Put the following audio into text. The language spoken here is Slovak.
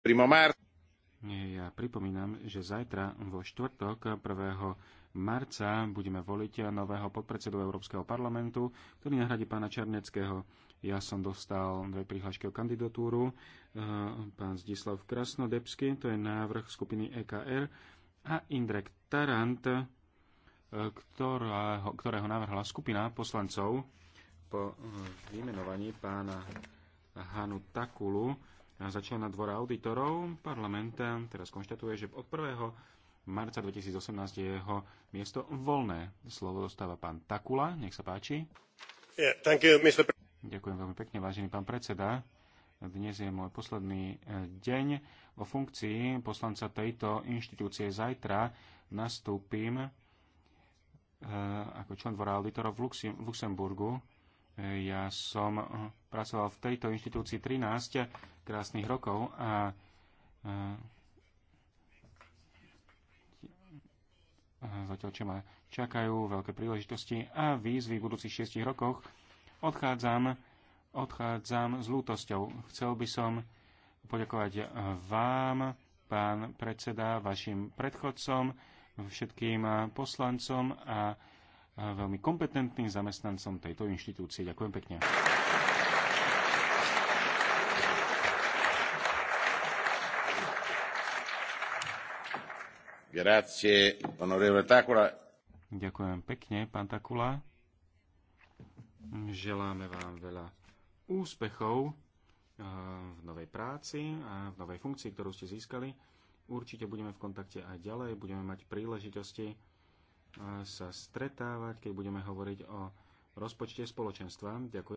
Ja pripomínam, že zajtra vo štvrtok 1. marca budeme voliť nového podpredsedu Európskeho parlamentu, ktorý nahradí pána Černeckého. Ja som dostal dve prihlášky o kandidatúru. Eh, pán Zdislav Krasnodebsky, to je návrh skupiny EKR, a Indrek Tarant, eh, ktorého, ktorého navrhla skupina poslancov po eh, vymenovaní pána Hanu Takulu začal na dvora auditorov. parlamenta, eh, teraz konštatuje, že od 1. marca 2018 je jeho miesto voľné. Slovo dostáva pán Takula. Nech sa páči. Yeah, thank you, Mr. Ďakujem veľmi pekne, vážený pán predseda. Dnes je môj posledný eh, deň O funkcii poslanca tejto inštitúcie. Zajtra nastúpim eh, ako člen dvora auditorov v Luxemburgu ja som eh, pracoval v tejto inštitúcii 13 krásnych rokov a, eh, eh, zatiaľ čo ma čakajú veľké príležitosti a výzvy v budúcich 6 rokoch, odchádzam, odchádzam s lútosťou. Chcel by som poďakovať vám, pán predseda, vašim predchodcom, všetkým poslancom a veľmi kompetentným zamestnancom tejto inštitúcie. Ďakujem pekne. Grazie, Ďakujem pekne, pán Takula. Želáme vám veľa úspechov eh, v novej práci a v novej funkcii, ktorú ste získali. Určite budeme v kontakte aj ďalej, budeme mať príležitosti sa stretávať, keď budeme hovoriť o rozpočte spoločenstva. Ďakujem.